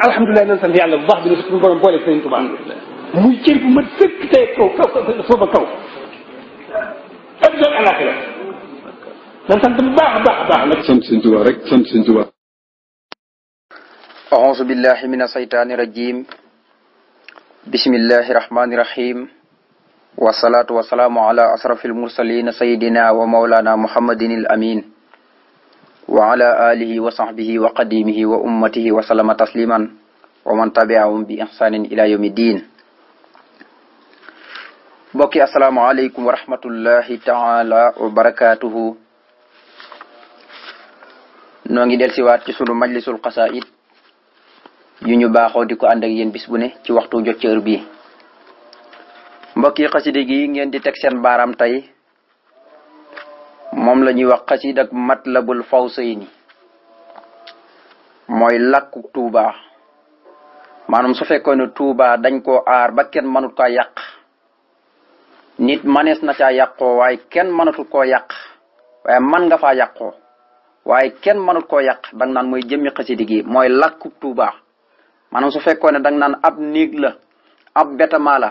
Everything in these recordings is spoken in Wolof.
alhamdulilah nañ sant yàlla bu baax bi ne ko suñu borom boole Sëriñ Tuubaa muy cër bu mat sëkk tey kaw kaw kaw ba kaw adduna alaxira nañ sant bu baax a baax a baax nag sant Sëriñ Tuubaa rek sant Sëriñ Tuubaa أعوذ بالله من الشيطان الرجيم بسم الله الرحمن الرحيم والصلاة والسلام على أشرف المرسلين سيدنا ومولانا محمد الأمين wa ala alihi wa sahbihi wa qadimihi wa ummatihi wa sallama tasliman wa man tabiahum bi ihsanin ila yawmi diin mbokki asalaamaaleykum wa rahmatullahi taala wa barakaatuhu noo ngi del siwaat ci sunu majlisul xasaid yu ñu baaxoo di ko ànd ak yéen bis bu ne ci waxtu jot ci heure bii mbokki xaside gi ngeen di teg seen baaraam tey moom la ñuy wax xasiid ak matlabul fawsayni mooy làkku tuuba maanaam su fekkoon ne tuuba dañ koo aar ba kenn mënut koo yàq nit manees na caa yàqoo waaye kenn mënatul koo yàq waaye man nga fa yàqoo waaye kenn mënut koo yàq dang naan mooy jëmmi xasidi gi mooy làkku tuuba maanaam su fekkoon ne dang naan ab néeg la ab betamaa la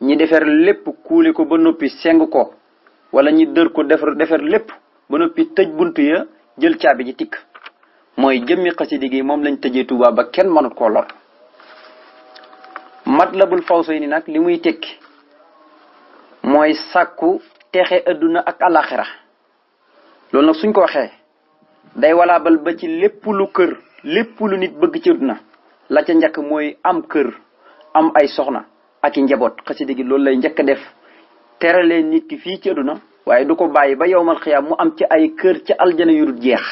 ñi defar lépp kuuli ko ba noppi seng ko wala ñi dër ko defar defar lépp ba noppi tëj bunt ya jël caabi ji tikk mooy jëmmi xasidi gi moom lañ tëjee Tuubaa ba kenn mënut koo lor Matlabul ni nag li muy tekki mooy sàkku texe adduna ak alaxira loolu nag suñ ko waxee day walaabal ba ci lépp lu kër lépp lu nit bëgg ci adduna la ca njëkk mooy am kër am ay soxna ak i njaboot xasidi gi loolu lay njëkk a def terale nit ki fii ci àdduna waaye du ko bàyyi ba yowmal xiyaam mu am ci ay kër ci aljana yu dul jeex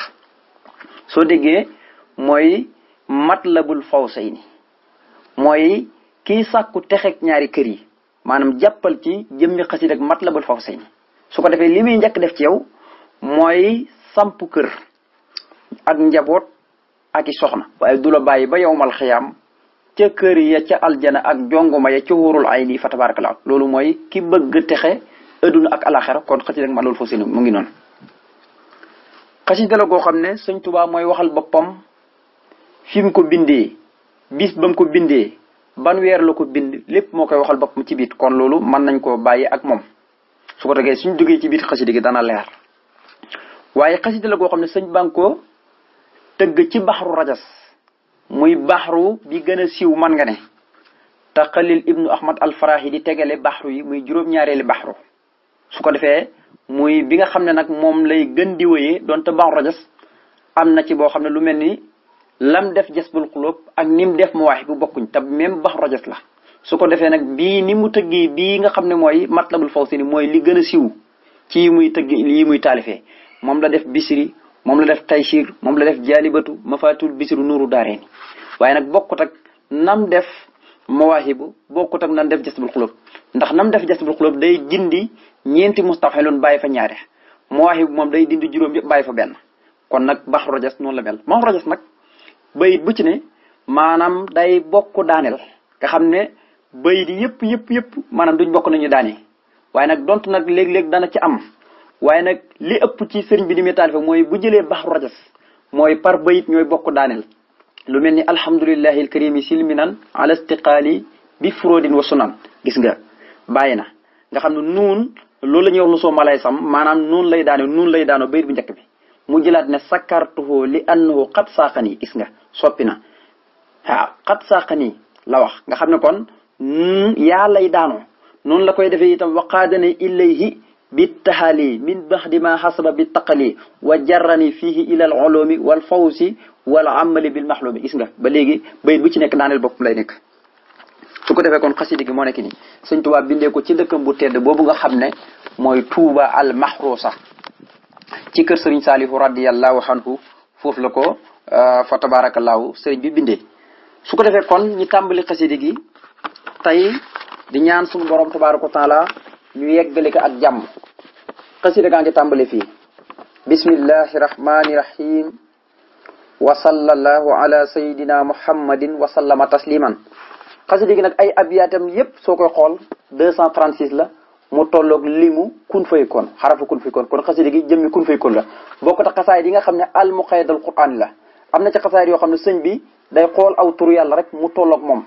soo déggee mooy mat faw matlabul ni mooy kiy sàkku texeeg ñaari kër yi maanaam jàppal ci jëmmi xasida ak matlabul fawsayni su ko defee li muy njëkk def ci yow mooy samp kër ak njaboot ak i soxna waaye du la bàyyi ba yowmal xiyaam ca kër ya ca aljana ak jongoma ya ca wóorul ay nii fa tabarakallah loolu mooy ki bëgg texe adduna ak alaxira kon xasida ak Matlabul Fawzayni mu ngi noonu xasida la goo xam ne Sëñ Tuubaa mooy waxal boppam fi mu ko bindee bis ba ko bindee ban weer ko bind lépp moo koy waxal boppam ci biit kon loolu mën nañ koo bàyyi ak moom ko tegee suñ duggee ci biit xasida gi dana leer waaye xasida la goo xam ne sëñ baa ko tëgg ci baxaru rajas muy baxru bi gën a siiw man nga ne te xalil ibnu ahmad yi di tegale baxru yi muy juróom-ñaareeli baxru su ko defee muy bi nga xam ne nag moom lay gën di wéyee doonte baxru rajas am na ci boo xam ne lu mel ni lam def jasbul xulóob ak ni mu def mawaaxi bu bokkuñ te même baxru rajas la su ko defee nag bii ni mu tëggee bii nga xam ne mooy matlabul fawsini mooy li gën a siw ci yi muy tëgg yi muy taalifee moom la def bisiri moom la def taysir moom la def jaalibatu mafatul bisiru nuuru daareeni waaye nag bokkut ak nam def mawaahibu bokkut ak nam def jasbul xulóob ndax nam def jasbul xulóob day dindi ñeenti loon bàyyi fa ñaare mawaahibu moom day dindi juróom yëpp bàyyi fa benn kon nag baxru rajas noonu la mel baxru rajas nag bayit bu ci ne maanaam day bokk daaneel nga xam ne bayit yëpp yëpp yëpp maanaam duñ bokk nañu daane waaye nag dont nag léeg-léeg dana ci am waaye nag li ëpp ci sëriñ bi ni muy taalife mooy bu jëlee baax rajas mooy par bayit ñooy bokk daaneel lu mel ni alhamdulillahi alkarimi silminan ala istiqaali bi furodin wa sunan gis nga bàyyi na nga xam ne nuun loolu la ñuy wax lu soo maanaam nuun lay daano nuun lay daano bayit bu njëkk bi mu jëlaat ne sakkartuhu li annahu xat saaqanii gis nga soppi na waaw xat saaqanii nga xam ne kon yaa lay daanoo noonu la koy defee itam waqaadane ilayhi بالتهالي من بعد ما حسب بالتقلي وجرني فيه إلى العلوم والفوز والعمل بالمحلوم gis nga ba léegi bayit bu ci nekk daaneel bokk lay nekk su ko defee kon xasida gi moo nekk nii Sëñ bindee ko ci dëkkam bu tedd boobu nga xam ne mooy Tuuba al Mahruusa ci kër Sëriñ Saalihu radiyallahu anhu foofu la ko euh, fa tabaarakallaahu sëriñ bi bindee su ko defee kon ñi tàmbali xasida gi di ñaan suñu borom tabaaraka taala ñu yeggale ko ak jàmm xasida gaa ngi tàmbali fii bismillahi rahmani rahim wa sallallahu ala sayidina muhammadin wa sallama tasliman xasida gi nag ay abiyaatam yépp soo koy xool deux cent trente la mu tolloog limu kun faykoon xarafu kun faykoon kon xasida gi jëmmi kun faykoon la bokkut ak xasaayid yi nga xam ne almuqaydal quraan la am na ci xasaayid yoo xam ne sëñ bi day xool aw turu yàlla rek mu tollook moom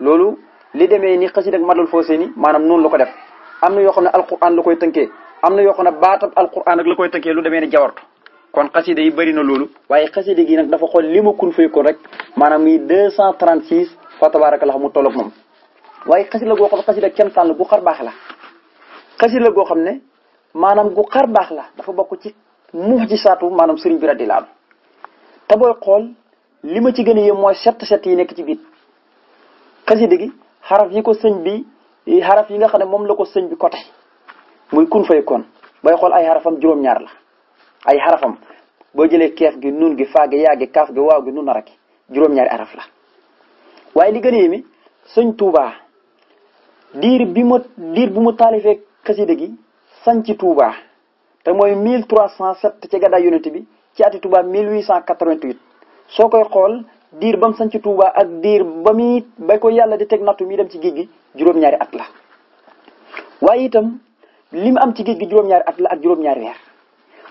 loolu li demee ni xasida ak madul foo seeni maanaam noonu la ko def am na yoo xam ne alquran la am na yoo xam ne baatab alquran ak la koy tëkkee lu demee ne jawartu kon xaside yi bëri na loolu waaye xaside gi nag dafa xool li ma kun faykoon rek maanaam muy deux cent trente six fa tabaarakallah mu tolloog moom waaye xasida la goo xam xasida kenn tànn bu xar baax la xasida goo xam ne maanaam gu xar baax la dafa bokk ci muux ci saatu maanaam sëriñ bi radi laal te booy xool li ma ci gën a yëm mooy set set yi nekk ci biir xasida gi xaraf yi ko sëñ bi xaraf yi nga xam ne moom la ko sëñ bi côté muy kun fay kon bay xool ay xarafam juróom-ñaar la ay xarafam boo jëlee keef gi nun gi faa gi yaa gi kaaf gi waaw gi nun a raki juróom-ñaari la waaye li gën sëñ Touba diir bi mu diir bu mu taalifee xasida gi sañ ci te mooy 1307 ci gàddaay yonent bi ci ati Touba 1888 soo koy xool diir ba mu sañ ak diir ba muy ba ko yàlla teg nattu mi ci géej gi juróom at la waaye itam li mu am ci géej gi juróom-ñaari at la ak juróom weer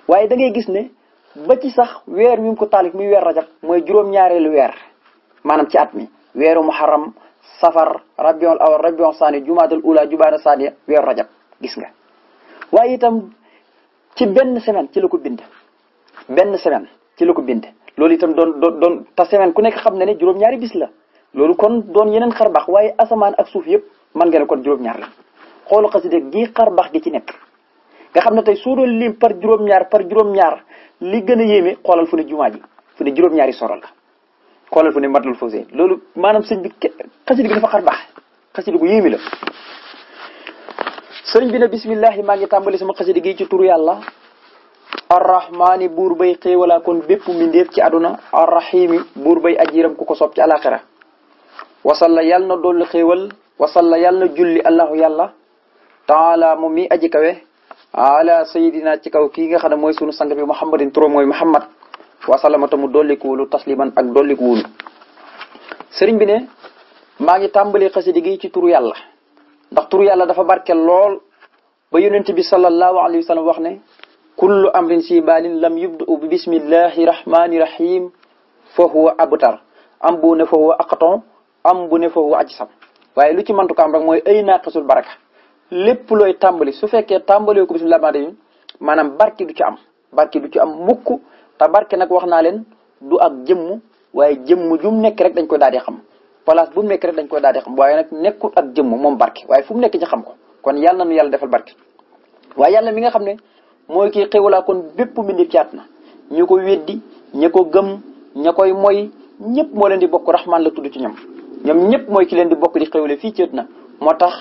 waaye da ngay gis ne ba ci sax weer wi mu ko taalif muy weer rajab mooy juróom-ñaareelu weer maanaam ci at mi weeru muharram safar rabiul awal rabiul saani jumaadal ula jumaada saaniya weer rajab gis nga waaye itam ci benn semaine ci la ko bind benn semaine ci la ko bind loolu itam doon doon doon te semaine ku nekk xam ne ne juróom-ñaari bis la loolu kon doon yeneen xar baax waaye asamaan ak suuf yëpp mën nga ne kon juróom-ñaar la xool xasida gii xar gi ci nekk nga xam na tey soo doon lim par juróom-ñaar par juróom-ñaar li gën a yéeme xoolal fu ne jumaa fu ne juróom-ñaari sorol la xoolal fu ne matlul fawsé loolu maanaam sëñ bi xasida gi dafa xar baax xasida gu yéeme la sëriñ bi ne bismillahi maa ngi tàmbali sama xasida gi ci turu yàlla arrahmaani buur bay xéewalaa kon bépp mbindéef ci àdduna arrahimi buur bay ajiram ku ko soob ci alaxira wasalla yàlla na dolli xéewal wasalla yàlla na julli allahu yàlla taala moom mi aji kawe ala sayidina ci kaw kii nga xam ne mooy sunu sang bi muhammadin turo mooy muhammad wasalamata mu dolliku wulu tasliman ak dolliku wulu sëriñ bi ne maa ngi tàmbali xasidi ci turu yàlla ndax turu yàlla dafa barke lool ba yonent bi sallallahu alayhi wa sallam wax ne kullu amrin si baalin lam yubdu bi bismillahi rahmani rahim fa huwa abtar am bu ne fa huwa aqton am bu huwa ajsam waaye lu ci mantukaam rek mooy ay naaqisul lépp looy tàmbali su fekkee tàmbali ko bismillah rahmaani rahim maanaam barke du ci am barki du ci am mukk te barke nag wax naa leen du ak jëmm waaye jëmm ju nekk rek dañ koy daal di xam place bu mu nekk rek dañ koy daal di xam waaye nag nekkul ak jëmm moom barki waaye fu mu nekk ci xam ko kon yàlla nu yàlla defal barke waaye yàlla mi nga xam ne mooy kii xewlaa kon bépp mbindi caat na ñu ko weddi ña ko gëm ña koy moy ñëpp moo leen di bokk rahmaan la tudd ci ñam ñoom ñëpp mooy ki leen di bokk di xewle fii ci na moo tax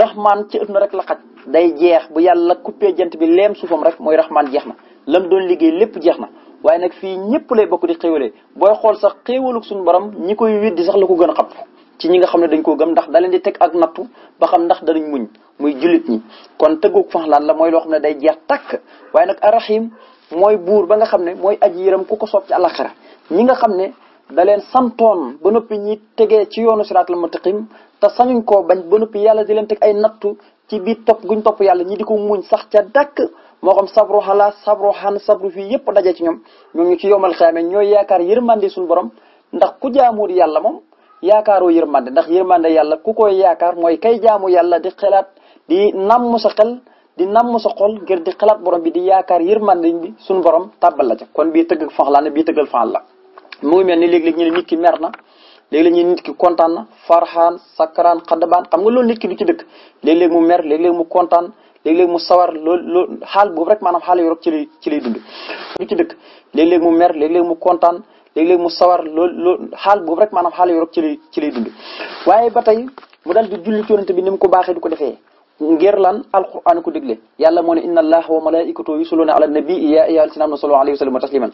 rahmaan ci ëpp na rek la xaj day jeex bu yàlla coupé jant bi leem suufam rek mooy rahmaan jeex na lam doon liggéey lépp jeex na waaye nag fi ñëpp lay bokk di xéwalee booy xool sax xéewaluk suñu borom ñi koy weddi sax la ko gën a xapp ci ñi nga xam ne dañ koo gëm ndax da leen di teg ak nattu ba xam ndax danañ muñ muy jullit ñi kon tëggoog fanxlaan la mooy loo xam ne day jeex takk waaye nag arrahim mooy buur ba nga xam ne mooy aji yëram ku ko soob ci àlaxira ñi nga xam ne da leen santoon ba noppi ñi tegee ci yoonu siraatal mustaqim te sañuñ koo bañ ba noppi yàlla di leen teg ay nattu ci biir topp guñ topp yàlla ñi di ko muñ sax ca dàkk moo xam sabru xalaa sabru xan sabru fii yépp daje ci ñoom ñoom ñu ci yomal xeame ñooy yaakaar yërmande suñu borom ndax ku jaamuur yàlla moom yaakaaroo yërmande ndax yërmande yàlla ku koy yaakaar mooy kay jaamu yàlla di xelaat di namm sa xel di namm sa xol ngir di xelaat borom bi di yaakaar yërmande bi suñu borom tàbbal la ca kon bii tëgg faxlaan bii tëggal faxal la mu ngi mel ni léeg-léeg ñu ne nit ki mer na léeg-léeg ñu nit ki kontaan na farxaan sakkaraan xandabaan xam nga loolu nikki ki ci dëkk léeg-léeg mu mer léeg-léeg mu kontaan léeg-léeg mu sawar loolu loolu xaal boobu rek maanaam xaal yu ci lay ci lay dund ci dëkk léeg-léeg mu mer léeg-léeg mu kontaan léeg-léeg mu sawar loolu loolu xaal boobu rek maanaam xaal yu ci lay ci lay dund waaye ba tey mu daal di julli yonent bi ni mu ko baaxee du ko defee ngir lan alquran ko digle yàlla moo ne inna allaha wa malaikatahu yusalluna ala nabi ya ayyuhal ladina amanu sallu alayhi wa sallimu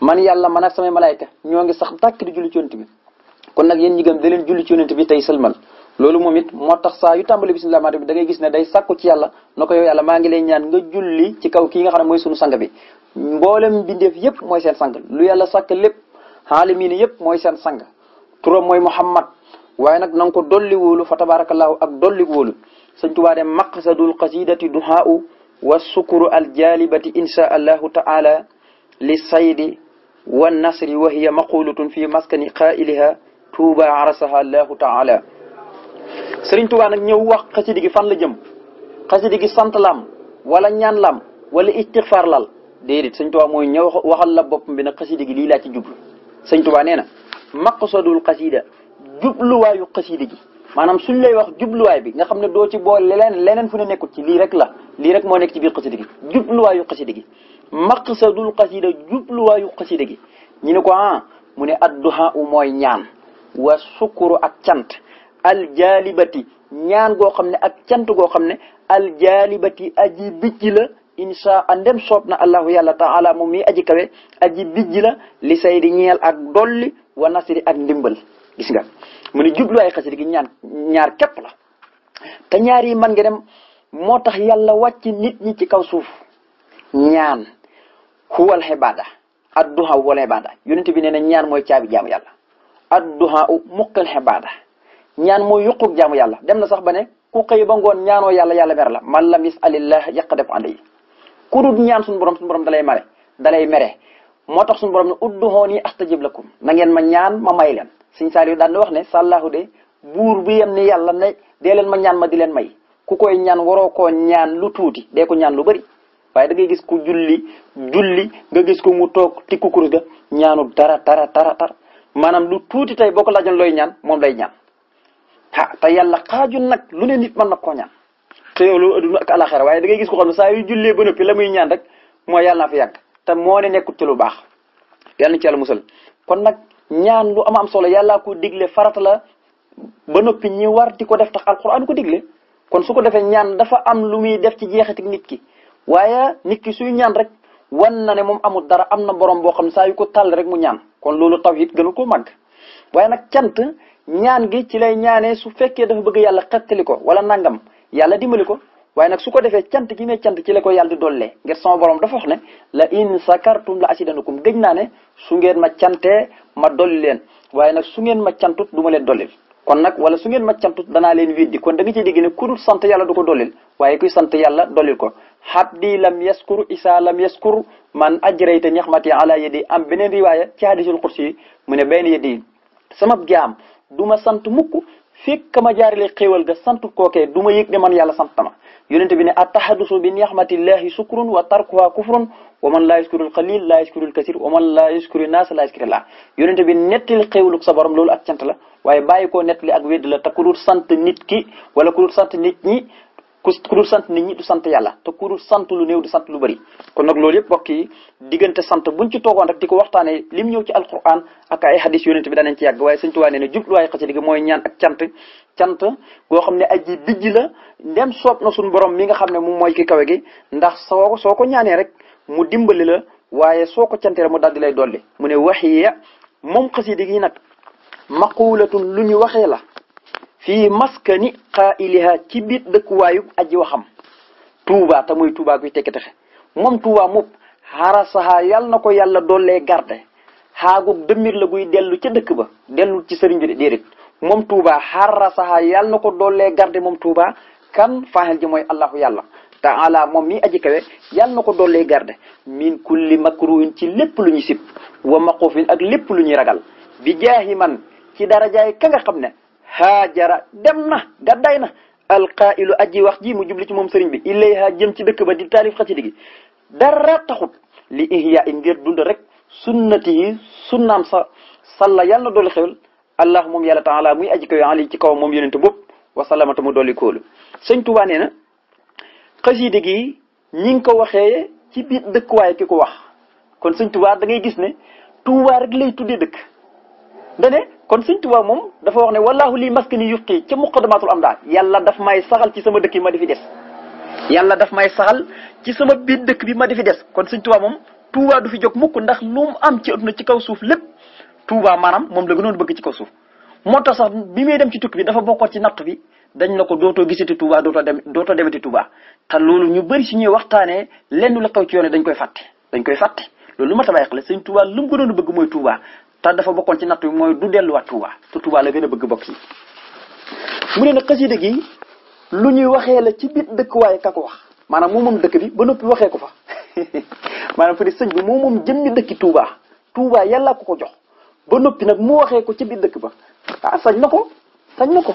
man yàlla man ak samay malaayka ñoo ngi sax dàkk di julli ci bi kon nag yéen ñi gëm da leen julli ci yonent bi tey sëlmal loolu moom it moo tax saa yu tàmbali bismillah maa bi da ngay gis ne day sàkku ci yàlla na ko yow yàlla maa ngi lay ñaan nga julli ci kaw kii nga xam ne mooy sunu sang bi mboolem bindeef yépp mooy seen sang lu yàlla sàkk lépp xaalamiin yépp mooy seen sang turam mooy Muhammad waaye nag na nga ko dolli wóolu fa tabaarakallaahu ak dolli wóolu sëñ Tuubaa de maqsadul qasidati duhaau wa sukuru aljalibati insha allahu taala li saydi wan nasri wa hiya maqulatun fi maskani qailiha tuuba arasaha allahu taala sëriñ tuuba nag ñëw wax xasidi gi fan la jëm xasidi gi sant lam wala ñaan lam wala istixfaar lal déedéet sëñ tuuba mooy ñëw waxal la boppam bi nag xasidi gi lii laa ci jublu sëñ tuuba nee na maqsadul xasida jubluwaayu xasidi gi maanaam suñ lay wax jubluwaay bi nga xam ne doo ci boole leneen leneen fu ne nekkut ci lii rek la lii rek moo nekk ci biir xasidi gi jubluwaayu xasidi gi maqsadul xasida jubluwaayu xasida gi ñu ne ko ah mu ne adduha u mooy ñaan wa sukuru ak cant aljaalibati ñaan goo xam ne ak cant goo xam ne aljaalibati aji bijji la insha andem soob na allahu yàlla taala moom mi aji kawe aji bijji la li say di ñeel ak dolli wa nasri ak ndimbal gis nga mu ne ñaar képp la te ñaar yi man nga dem moo tax yàlla wacci nit ñi ci kaw suuf ñaan huwal xibaada adduha wal xibaada yonent bi nee ñaan mooy caabi jaamu yàlla adduha u mukkal xibaada ñaan mooy yuquk jaamu yàlla dem na sax ba ne ku xëy ba ngoon ñaanoo yàlla yàlla mer la man lam yasalillah yaqdab alayhi ku dul ñaan suñu borom suñu borom dalay mare dalay mere moo tax suñu borom ne udduhooni astajib lakum na ngeen ma ñaan ma may leen suñ saal yu daan na wax ne sàllaahu de buur bi yem ni yàlla ne dee leen ma ñaan ma di leen may ku koy ñaan waroo koo ñaan lu tuuti dee ñaan lu bëri waaye da ngay gis ku julli julli nga gis ko mu toog tikku kurus ga ñaanu dara dara dara dara maanaam lu tuuti tey boo ko laajoon looy ñaan moom lay ñaan ah te yàlla xaaju nag lu ne nit mën na koo ñaan te yow loolu waaye da ngay gis ko xam saa yu ba noppi la muy ñaan rek mooy yàlla naa fi yàgg te moo ne nekkut ci lu baax yàlla na ci yàlla musal kon nag ñaan lu am am solo yàllaa ko digle farata ba noppi ñi war di ko def tax alquran ko digle kon su ko defee ñaan dafa am lu muy def ci jeexit nit ki waaye nit ki suy ñaan rek wan na ne moom amul dara am na borom boo xam ne saa yu ko tàll rek mu ñaan kon loolu tawhid gënu ko màgg waaye nag cant ñaan gi ci lay ñaanee su fekkee dafa bëgg yàlla xettali ko wala nangam yàlla dimbali ko waaye nag su ko defee cant gi may cant ci la ko yàlla di dollee ngir sama borom dafa wax ne la in sakartum la asidanakum gëj naa ne su ngeen ma cantee ma dolli leen waaye nag su ngeen ma cantut du ma leen dollil kon nag wala su ngeen ma danaa leen weddi kon da nga ciy ku sant yàlla du ko dollil waaye kuy sant yàlla dollil ko habdi lam yaskur isa lam yaskur man ajrayta nixmati ala yadi am beneen riwaaya ci hadisul qudsi yi mu ne benn yadi sama jaam du ma sant mukk fekk ma jaarale xéewal ga santu kookee du ma yëg ne man yàlla sant ma yonente bi ne attahadusu bi nixmatillahi sukrun wa tarkuha kufrun wa man laa yaskuru alxalil laa yaskuru alkasir wa man laa yaskuru naas laa yaskuru laa yonente bi nettali xéewaluk sa borom loolu at cant la waaye bàyyi koo nettali ak wedd la te ku sant nit ki wala ku dul ku ku dul sant nit ñi du sant yàlla te ku dul sant lu néew du sant lu bëri kon nag loolu yëpp bokk diggante sant buñ ci toogoon rek di ko waxtaanee lim ñëw ci alquran ak ay hadis yonent bi danañ ci yàgg waaye Sëñ Tuubaa ne aji bijj la ndem soob na suñu borom nga xam ne moom mooy ki kawe gi ndax soo soo ko ñaanee rek mu dimbali la waaye soo ko cantee rek mu daldi lay dolli mu ne waxiya moom xasida gi nag maqulatun lu ñu waxee la fii maskani qaa'iliha ci biir dëkkuwaayu aji waxam tuuba te muy tuuba guy tekki texe moom tuuba moom xarasaha yàlla na ko yàlla doollee garde xaagug dëmmir la guy dellu ci dëkk ba dellu ci sëriñ bi déedéet moom tuuba xarasaha yàlla na ko doole garde moom tuuba kan faaxel ji mooy allahu yàlla taala moom mi aji kawe yàlla na ko doollee garde min kulli makruhin ci lépp lu ñuy sib wa maqufin ak lépp lu ñuy ragal bi jaahi man ci darajaay ka nga xam ne haajara dem na gàdday na alqaa'ilu aji wax ji mu jubli ci moom sëriñ bi ilayha jëm ci dëkk ba di taalif xasida gi dara taxut li ihya i ngir dund rek sunnati yi sunnaam sa salla yàlla na dolli xewal allah moom yàlla taala muy aji koy ali ci kaw moom yonente bopp wasalamata mu dolli kóolu sëñ Tuubaa nee na xasida gi ñi ngi ko waxee ci biir dëkkuwaay ki ko wax kon sëñ Tuubaa da ngay gis ne Tuubaa rek lay tuddee dëkk dane kon Sëñ Tuubaa moom dafa wax ne wallaahu lii maskani yufqi ca muqaddamatul amdaad yàlla daf may saxal ci sama dëkk bi ma di fi des yàlla daf may saxal ci sama biir dëkk bi ma di fi des kon Sëñ Tuubaa moom Tuubaa du fi jog mukk ndax lu mu am ci àdduna ci kaw suuf lépp Tuubaa maanaam moom la gënoon bëgg ci kaw suuf moo tax sax bi muy dem ci tukki bi dafa bokkoon ci natt bi dañ na ko dootoo gisati tubaa dooto dem dootoo demati Tuubaa te loolu ñu bëri si ñuy waxtaanee lenn la xew ci yoon dañ koy fàtte dañ koy fàtte loolu lu ma tabaay xale Sëñ Tuubaa lu mu gënoon bëgg mooy te dafa bokkoon ci nattu mooy du delluwaat Touba te Touba la gën a bëgg bokk yi mu ne nag xasida gi lu ñuy waxee la ci biir dëkkuwaay ka wax maanaam moom moom dëkk bi ba noppi waxee ko fa maanaam fu ne sëñ bi moom moom jëmmi dëkki Touba Touba yàlla ko ko jox ba noppi nag mu waxee ko ci biir dëkk ba ah sañ na ko sañ na ko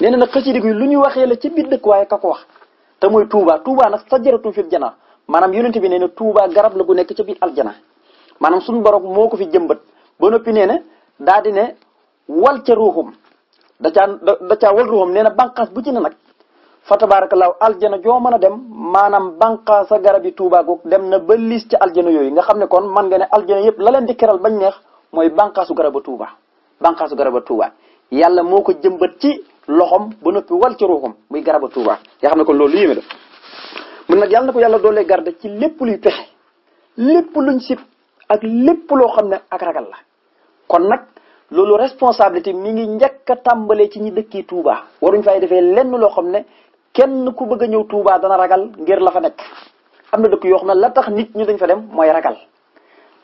nee na nag xasida gi lu ñuy waxee la ci biir dëkkuwaay ka ko wax te mooy Touba Touba nag sa jaratu fi jana maanaam yonente bi nee na garab la gu nekk ca biir aljana maanaam suñu borom moo ko fi jëmbat. ba noppi nee na daa di ne wal ca ruuxum da ca da caa wal ruuxum nee na bànqaas bu ci nag nag fa tabaarakallaahu aljana joo mën a dem maanaam bànqaas sa garab yi Tuubaa goog dem na ba liis ca aljana yooyu nga xam ne kon man nga ne aljana yëpp la di keral bañ neex mooy bànqaasu garaba Tuubaa bànqaasu garaba Tuubaa yàlla moo ko jëmbat ci loxoom ba noppi wal ci ruuxum muy garaba Tuubaa nga xam ne kon loolu yéeme la mun nag yàlla na ko yàlla doolee garde ci lépp luy pexe lépp luñ sib ak lépp loo xam ne ak ragal la kon nag loolu responsabilité mi ngi njëkk tàmbalee ci ñi dëkki Touba waruñ fay defee lenn loo xam ne kenn ku bëgg a ñëw Touba dana ragal ngir la fa nekk am na dëkk yoo xam ne la tax nit ñi dañ fa dem mooy ragal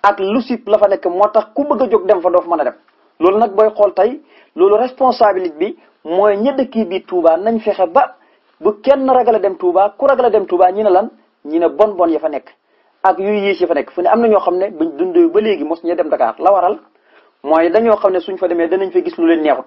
ak lu sib la fa nekk moo tax ku bëgg a jóg dem fa doo fa mën a dem loolu nag booy xool tey loolu responsabilité bi mooy ñi dëkki bi Touba nañ fexe ba bu kenn ragal a dem Touba ku ragal a dem Touba ñi ne lan ñi ne bon bon ya fa nekk ak yuy yées yi fa nekk fu ne am na ñoo xam ne bañ dundee ba léegi mos ñu dem Dakar la waral mooy dañoo xam ne suñ fa demee danañ fa gis lu leen neexut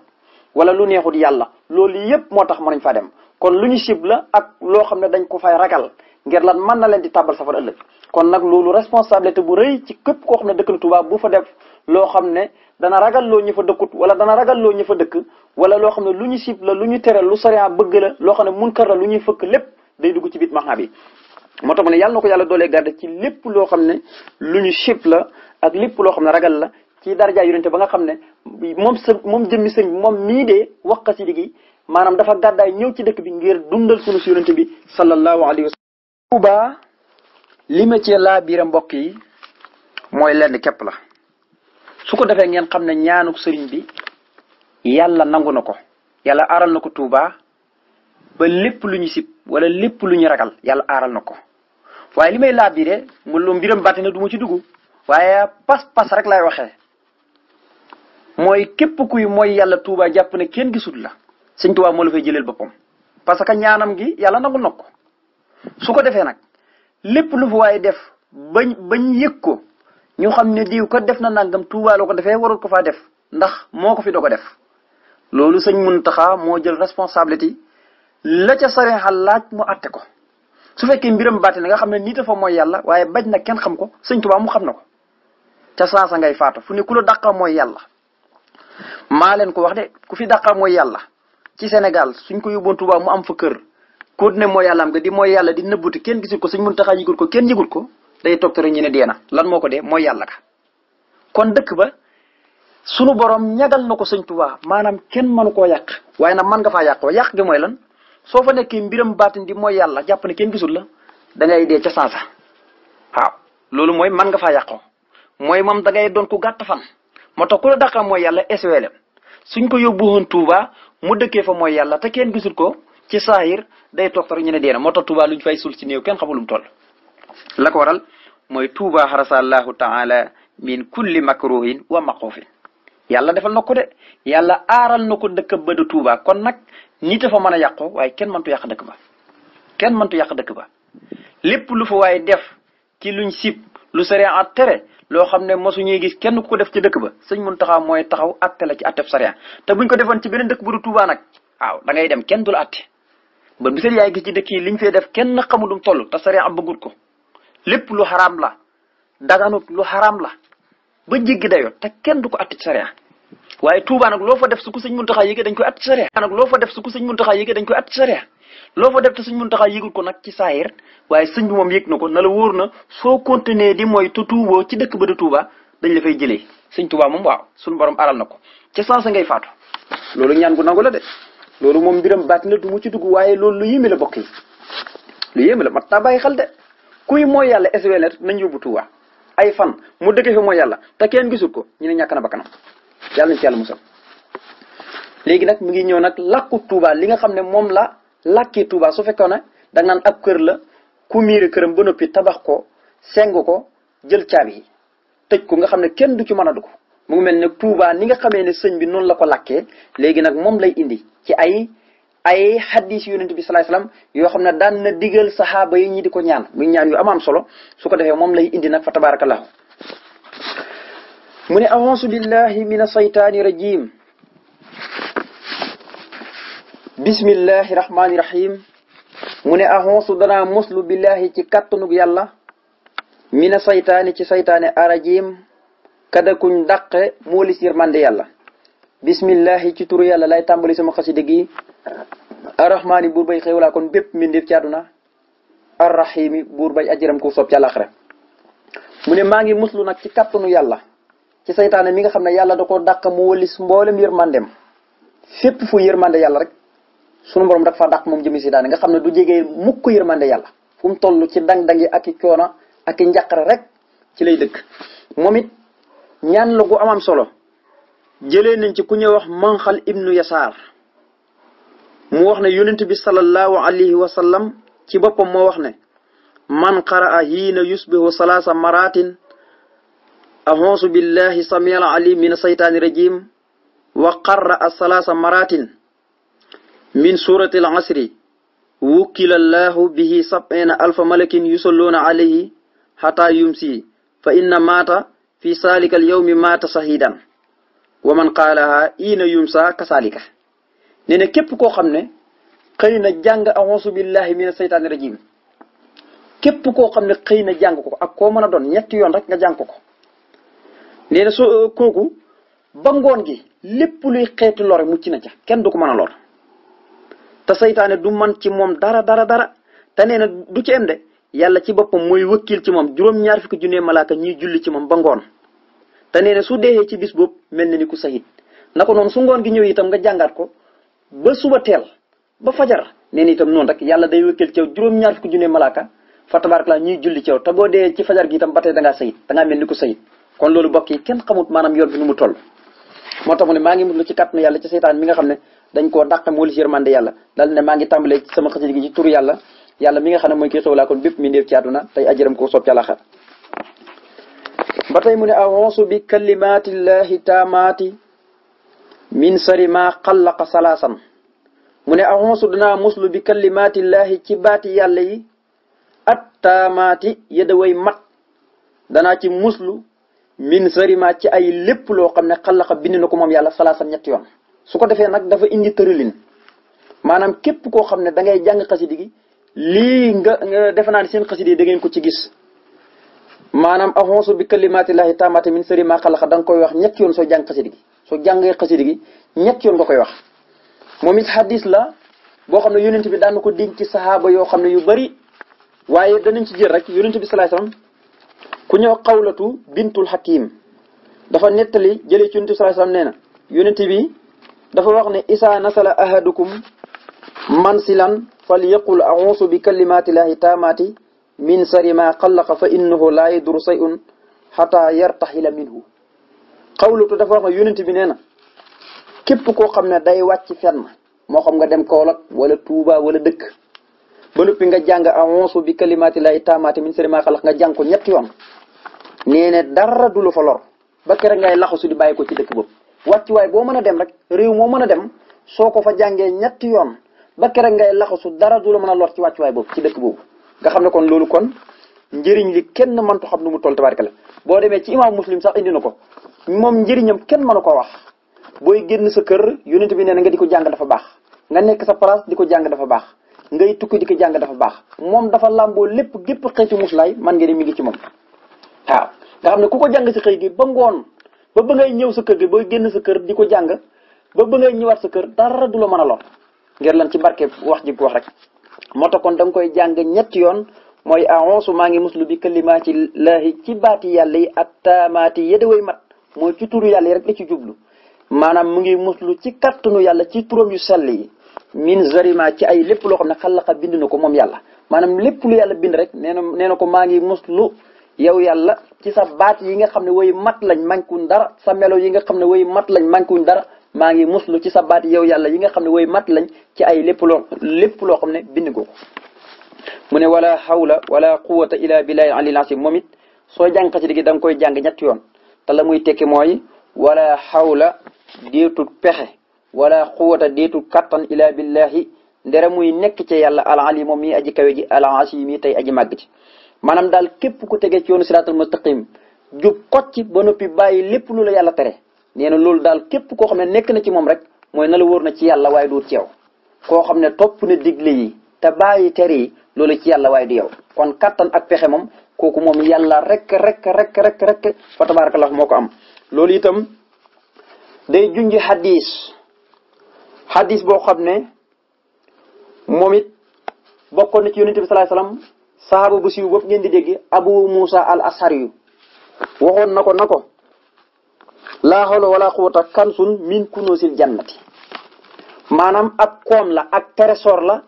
wala lu neexut yàlla loolu yépp moo tax ma nañ fa dem kon lu ñu sib la ak loo xam ne dañ ko fay ragal ngir lan mën na leen di tàbbal safar ëllëg kon nag loolu responsabilité bu rëy ci képp koo xam ne dëkk na Tuubaa bu fa def loo xam ne dana ragal loo ñu fa dëkkut wala dana ragal loo ñu fa dëkk wala loo xam ne lu ñu sib la lu ñu tere lu sariya bëgg la loo xam ne munkar la lu ñuy fëkk lépp day dugg ci biit maxna bi moo tax ne yàlla na ko yàlla doolee garde ci lépp loo xam ne lu ñu sib la ak lépp loo xam ne ragal la ci daraja yonente ba nga xam ne moom sa moom jëmmi sëñ bi moom mii dee wax xasida gi maanaam dafa gàddaay ñëw ci dëkk bi ngir dundal sunu si yonente bi sallallahu alayhi wa sallam Tuuba li ma ci laa biira mbokk yi mooy lenn képp la su ko defee ngeen xam ne ñaanuk sëriñ bi yàlla nangu na ko yàlla aral na ko Tuuba ba lépp lu ñu sib wala lépp lu ñu ragal yàlla aaral na ko waaye li may laabiré mu lu mbiram bàttina du ma ci dugg waaye pas-pas rek lay waxee mooy képp kuy mooy yàlla tuubaa jàpp ne kenn sut la sëñ Tuubaa moo la fay jëleel boppam parce que ñaanam gi yàlla nangu na ko su ko defee nag lépp lu fa waaye def bañ bañ yëg ko ñu xam ne diw ko def na nangam Tuubaa la ko defee warul ko faa def ndax moo ko fi doo ko def loolu sëñ Muntaxa moo jël responsabilité la ca sarixa laaj mu àtte ko su fekkee mbiram baati na nga xam ne nii dafa mooy yàlla waaye baj na kenn xam ko sëñ Tuubaa mu xam na ko ca saasa ngay faatu fu ne ku la dàqa mooy yàlla maa leen ko wax de ku fi dàqa mooy yàlla ci Sénégal suñ ko yóbboon Tuubaa mu am fa kër koo ne mooy yàlla am nga mooy yàlla di nëbbuti kenn gisul ko suñ mun taxaa yëgul ko kenn yëgul ko day toog rek ñu ne dee na lan moo ko dee mooy yàlla ka kon dëkk ba sunu borom ñagal na ko sëñ Tuubaa maanaam kenn mënu koo yàq waaye na mën nga fa yàq wa yàq gi mooy lan soo fa nekkee mbiram baatin di mooy yàlla jàpp ne kenn gisul la da ngay dee ca saasa waaw loolu mooy man nga faa yàqoo mooy mam da ngay doon ku gàtt fan moo tax ku la dàqa mooy yàlla SWLM suñ ko yóbbu woon Touba mu dëkkee fa mooy yàlla te kenn gisul ko ci saahir day toog rek ñu ne dee na moo tax Touba luñ fay suul si néew kenn xamul lu mu toll. la ko waral mooy Touba xarasa allahu taala min kulli makruhin wa maqoofin yàlla defal na ko de yàlla aaral na ko dëkk ba kon nag nit a fa mën a yàqu waaye kenn mëntu yàq dëkk ba kenn mëntu yàq dëkk ba lépp lu fa waaye def ci luñ sib lu sariya at tere loo xam ne mosuñuy gis kenn ku ko def ci dëkk ba sëñ Muntaxa mooy taxaw atte la ci atteb sariya te buñ ko defoon ci beneen dëkk bu du Tuubaa nag waaw da ngay dem kenn du la atte ba bi seen yaay gis ci dëkk yi liñ fee def kenn xamulum toll te sariya am bëggut ko lépp lu xaraam la daganut lu xaraam la ba jéggi dayo te kenn du ko atte ci waaye Touba nag loo fa def su ko sëñ Muntaxa yëgee dañ koy at sariya nag loo fa def su ko sëñ Muntaxa yëgee dañ koy ko nag ci saayir waaye sëñ bi moom yëg na ko na la wóor na soo continuer di mooy te tuuboo ci dëkk ba di Touba dañ la fay jëlee sëñ Touba moom waaw suñu borom aral na ko ca sansa ngay faatu loolu ñaan gu nangu la de loolu moom mbiram baat na du ci dugg waaye loolu lu yéeme la bokk yi lu yéeme la mat taa bàyyi xel de kuy mooy yàlla SVNet nañ yóbbu Touba ay fan mu dëkk fi mooy yàlla te kenn gisul ko ñu ne ñàkk bakkanam yàlla nañ ci yàlla musal léegi nag mu ngi ñëw nag làkku tuubaa li nga xam ne moom la làkkee Touba su fekkoon ne da nga ab kër la ku miire këram ba noppi tabax ko seng ko jël caabi yi tëj ko nga xam ne kenn du ci mën a dugg mu ngi mel ne Touba ni nga xamee ne sëñ bi noonu la ko làkkee léegi nag moom lay indi ci ay ay xadis yonent bi salaay salaam yoo xam ne daan na digal saxaaba yi ñi di ko ñaan muy ñaan yu am am solo su ko defee moom lay indi nag fa tabaarakallaahu mu ne aousu billahi min asaytaani rajim bismillahi rahmaani rahim mu ne aousu danaa muslu billahi ci kattanug yàlla mina saytaani ci saytaane arajim kada kuñ dàqe moo li sir mande yàlla bismillahi ci turu yàlla lay tàmbali sama xaside gi arrahmaani buur bay xéewlaa kon bépp mi ci àdduna arrahimi buur bay ajiram ku soob ci àllaaxira mu ne maa ngi muslu nag ci kattanu yàlla ci saytaane mi nga xam ne yàlla da koo dàq mu wëlis mboolem yërmandem fépp fu yërmande yàlla rek sunu borom fa dàq moom jëmi saytaane nga xam ne du jege mukk mande yàlla fu mu toll ci dang-dangi ak i coona ak i njàqare rek ci lay dëkk moom it ñaan la gu amam solo jëlee nañ ci ku ñuy wax manxal ibnu yasaar mu wax ne yonent bi sallallahu alayhi wa sallam ci boppam moo wax ne man qaraa hiina salaasa maratin axuusu billahi sami al alim min saytaani rajim wa qarra a salaasa maratin min surati al asri wukkila allahu bihi sab'ina alfa malakin yusalluuna alayhi xataa yumsi fa inna maata fi saalika al yawmi maata shahidan wa man qaalaha iina yumsa kasaalika nee na képp koo xam ne xëy na jàng axuusu billahi min saytaani rajim képp koo xam ne xëy na jàng ko ko ak koo mën a doon ñetti yoon rek nga jàng ko ko nee su euh, kooku ba ngoon gi lépp luy xeetu lore mucc na ca kenn du ko mën a lor te seytaane du man ci moom dara dara dara te nee na du ci em de yàlla ci boppam mooy wëkkil ci moom juróom-ñaar fukki junne malaaka ñuy julli ci moom ba ngoon te nee na su deexee ci bis boobu mel na ni ku sayit na ko su ngoon gi ñëw itam nga jàngaat ko ba suba teel ba fajar nee na itam noonu rek yàlla day wëkkil ci yow juróom-ñaar fukki junne malaaka fa tabarak laa ñuy julli ci yow te boo dee ci fajar gi itam ba tey da ngaa sayit da ngaa mel ni ko sayit kon loolu bokk yi kenn xamut maanaam yoon bi nu mu toll moo tax mu ne maa ngi muslu ci kàttanu yàlla ci seytaan mi nga xam ne dañ koo dàq moolis yërmande yàlla dal ne maa ngi tàmbalee ci sama xasida gi ci turu yàlla yàlla mi nga xam ne mooy kii xewlaa kon bépp mi ndéef ci àdduna tey ajëram ko mu ne awansu bi kalimatillahi taamaati min sari ma xallaqa salaasan mu ne awansu dinaa muslu bi kalimatillahi ci baati yàlla yi at taamaati yëdaway mat danaa ci muslu min ma ci ay lépp loo xam ne xalaqa bind na ko moom yàlla salaasan ñetti yoon su ko defee nag dafa indi tëralin maanaam képp koo xam ne da ngay jàng xasidi gi lii nga defe naa ne seen xasidi yi da ngeen ko ci gis maanaam axonsu bi kalimaatillahi taamaati min sari maa da nga koy wax ñetti yoon soo jàng xasidi gi soo jàngee xasidi gi ñetti yoon nga koy wax moom it hadis la boo xam ne yonent bi daan na ko dénk ci sahaaba yoo xam ne yu bari waaye danañ ci jël rek yonent bi sallallahu ku ñëw xawlatu bintul Hakim dafa nettali jëlee ci yonent sallallahu na yonent bi dafa wax ne isa nasala ahadukum mansilan falyaqul a'uusu bi kalimaatillahi taamaati min sari ma xallaqa fa innahu laa yaduru sayun xataa yartaxila minhu xawlatu dafa wax ne yonent bi nee na képp koo xam ne day wàcc fenn moo xam nga dem Kaolack wala tuuba wala dëkk ba noppi nga jàng a'uuzu bi kalimaati laahi taamaati min sharri maa xalaq nga jàng ko ñetti yoon nee ne dara du la fa lor ba kere ngay laxu su di bàyyi ko ci dëkk boobu wàccuwaay boo mën a dem rek réew moo mën a dem soo ko fa jàngee ñetti yoon ba kere ngay laxasu dara du la mën a lor ci wàccuwaay boobu ci dëkk boobu nga xam ne kon loolu kon njëriñ li kenn mëntu xam nu mu toll tabaaraka la boo demee ci imaam muslim sax indi na ko moom njëriñam kenn mënu ko wax booy génn sa kër yonent bi nee na nga di ko jàng dafa baax nga nekk sa place di ko jàng dafa baax ngay tukki di ko jàng dafa baax moom dafa làmboo lépp gépp xeeti muslaay man nga ne mi ngi ci moom waaw nga xam ne ku ko jàng si xëy gi ba ngoon ba ba ngay ñëw sa kër gi booy génn sa kër di ko jàng ba ba ngay ñëwaat sa kër dara du la mën a lor ngir lan ci barke wax ji wax rek moo tax kon da nga koy jàng ñetti yoon mooy aonsu maa ngi muslu bi kalimaati laahi ci baati yàlla yi ak taamaati yedeway mat mooy ci turu yàlla yi rek di ci jublu maanaam mu ngi muslu ci kattanu yàlla ci turam yu sell yi min zarima ci ay lépp loo xam ne xalaqa bind na ko moom yàlla maanaam lépp lu yàlla bind rek nee na nee na ko maa ngi muslu yow yàlla ci sa baat yi nga xam ne way mat lañ mankuñ dara sa melo yi nga xam ne way mat lañ mankuñ dara maa ngi muslu ci sa baat yow yàlla yi nga xam ne way mat lañ ci ay lépp loo lépp loo xam ne bind nga ko mu ne wala hawla wala quwata illa billahi alil asim moom it soo jàng xasida gi da koy jàng ñetti yoon te muy tekki mooy wala hawla déetut pexe wala quwata déetul kattan ila billahi ndere muy nekk ci yàlla alali moom mii aji kawe ji alasi mii aji màgg ci maanaam daal képp ku tegee ci yoonu siraatal mustaqim jub kocc ba noppi bàyyi lépp lu la yàlla tere nee na loolu daal képp koo xam ne nekk na ci moom rek mooy na la wóor na ci yàlla waaye du ceew koo xam ne topp na digle te bàyyi tere yi loolu ci yàlla waaye du yow kon kattan ak pexe moom kooku moom yàlla rek rek rek rek rek fa tabaarakallah moo ko am loolu itam day junj hadis xadis boo xam ne moom it bokkoon na ci yonente bi salaay salaam sahaaba bu siiw boobu ngeen di dégg abu musa al ashari yu waxoon na ko na ko laa xolo wala quwwata kansun min kunuusil jannati maanaam ak koom la ak trésor la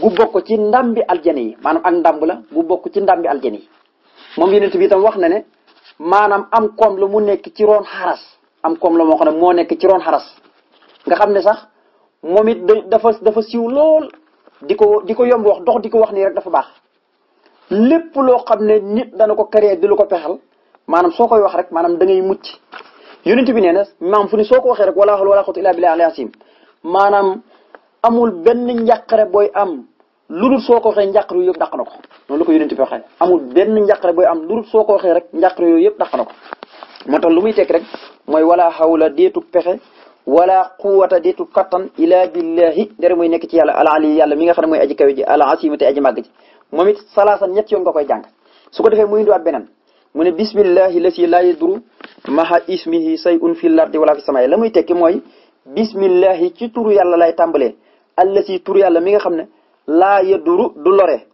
gu bokk ci ndambi aljana yi maanaam ak ndamb la gu bokk ci ndambi aljana yi moom yonent bi itam wax na ne maanaam am koom la mu nekk ci roon xaras am koom la moo xam moo nekk ci roon xaras nga xam ne sax moom it dafa dafa siiw lool di ko di ko yomb wax dox di ko wax nii rek dafa baax lépp loo xam ne nit dana ko créer di lu ko pexal maanaam soo koy wax rek maanaam da mucc yonent bi nee na maam fu ne soo ko waxee rek wala hawla wala quwwata illa billahi al-azim maanaam amul benn njaqare booy am lu dul soo ko waxee njàqare yooyu yëpp dàq na ko noonu ko yonent bi amul benn njàqare booy am lu soo ko waxee rek njàqare yooyu yëpp dàq na ko moo tax lu muy tekk rek mooy wala hawla déetu pexe wala quwata ditu kattan ila billahi dara muy nekk ci yàlla alali yàlla mi nga xam ne mooy aji kawe ji alasimate aji màgg ji moom it salaasan ñett yoon nga koy jàng su ko defee muy indiwaat beneen mu ne bismillahi lasi laa yadru maha ismihi sayun fi lardi wala fi samaay la muy tekki mooy bismillahi ci turu yàlla lay tàmbalee allasi turu yàlla mi nga xam ne laa yadru du lore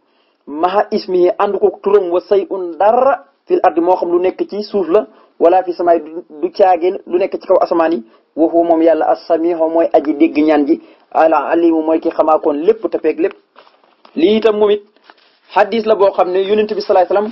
maha ismihi ànd ko turam wa sayun dara fil ardi moo xam lu nekk ci suuf la wala fi samaay du caagin lu nekk ci kaw asamaan yi waxu moom yàlla asamiho mooy aji dégg ñaan ji ala alimu mooy ki xamaakoon lépp tapeeg lépp lii itam moom it xadis la boo xam ne yonent bi salaay salaam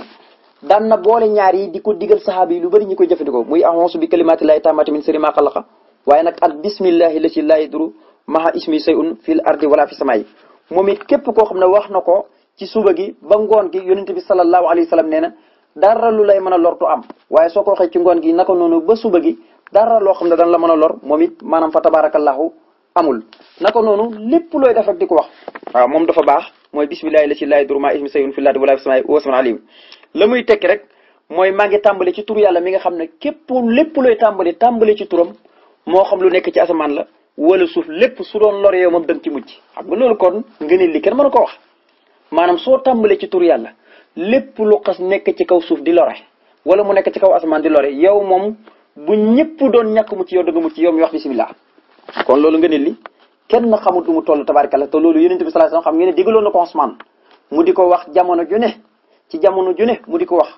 daan na boole ñaar yi di ko digal saxaaba yi lu bëri ñi koy jëfandikoo muy ahonsu bi kalimaati laay taamaati min sirri maa xalaqa waaye nag ak bismillahi la ci laay duru maha ismi sayun fil ardi wala fi samaay moom it képp koo xam ne wax na ko ci suba gi ba ngoon gi yonent bi sallallahu alayhi wa sallam na dara lu lay mën a lor du am waaye soo ko waxee ci ngoon gi naka noonu ba suba gi dara loo xam ne dañ la mën a lor moom it maanaam fa tabarakallahu amul naka noonu lépp looy def rek di ko wax waaw moom dafa baax mooy bismillahi la si laay durma ismi sayun fi laati wala fi samaay wasman alim la muy tekki rek mooy maa ngi tàmbali ci tur yàlla mi nga xam ne képp lépp looy tàmbali tàmbali ci turam moo xam lu nekk ci asamaan la wala suuf lépp su doon lor yow moom danga ci mujj xam nga loolu kon ngëneel li kenn mënu ko wax maanaam soo tàmbalee ci tur yàlla lépp lu xas nekk ci kaw suuf di lore wala mu nekk ci kaw asamaan di lore yow moom bu ñëpp doon ñàkk mu ci yow danga mu ci yow mi wax bisimilah kon loolu nga ne li kenn xamul du mu toll tabaarkalla te loolu yonent bi sallallahu alayhi wasallam xam ngeen ne digaloon na ko mu di ko wax jamono ju ci jamono ju ne mu di ko wax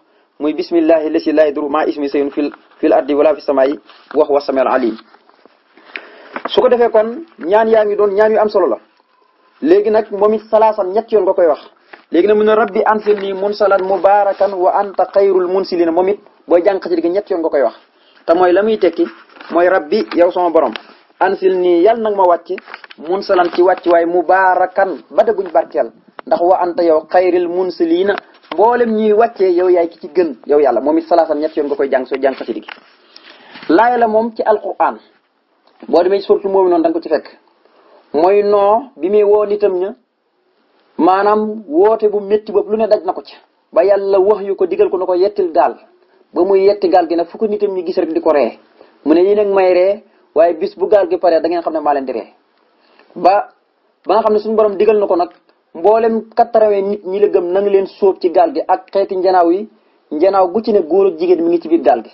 muy bismillahi lasi laa yadru maa ismi sayun fil fil ardi wala fi samaayi wa huwa samiul alim su ko defee kon ñaan yaa ngi doon ñaan yu am solo la léegi nag moom it salaasan ñett yoon nga koy wax léegi nag mu ne rabbi ansil nii munsalan mubarakan wa anta xayrul munsilina moom it booy jàng xasida gi ñett yoon nga koy wax te mooy la muy tekki mooy rabbi yow sama borom ansil nii yàlla nag ma wàcc munsalan ci wàcc waaye mubarakan ba de buñ barkeel ndax wa anta yow xayril munsilina boole ñuy wàccee yow yaay ki ci gën yow yàlla moom it salaasan ñett yoon nga koy jàng soo gi laaya la moom ci alquran boo demee ci surtu moomi noonu ko ci fekk mooy noo bi muy woo nitam maanaam woote bu métti boobu lu ne daj na ko ci ba yàlla wax yu ko digal ko na ko yettil gaal ba muy yetti gaal gi nag fu ko nitam ñu gis rek di ko ree mu ne ñi nag may waaye bis bu gaal gi paree da ngeen xam ne maa leen di ba ba nga xam ne suñu borom digal na ko nag mboolem quatre-vingts nit ñi la gëm na leen sóob ci gaal gi ak xeeti njanaaw yi njanaaw gu ci ne góor ak jigéen mi ngi ci biir gaal gi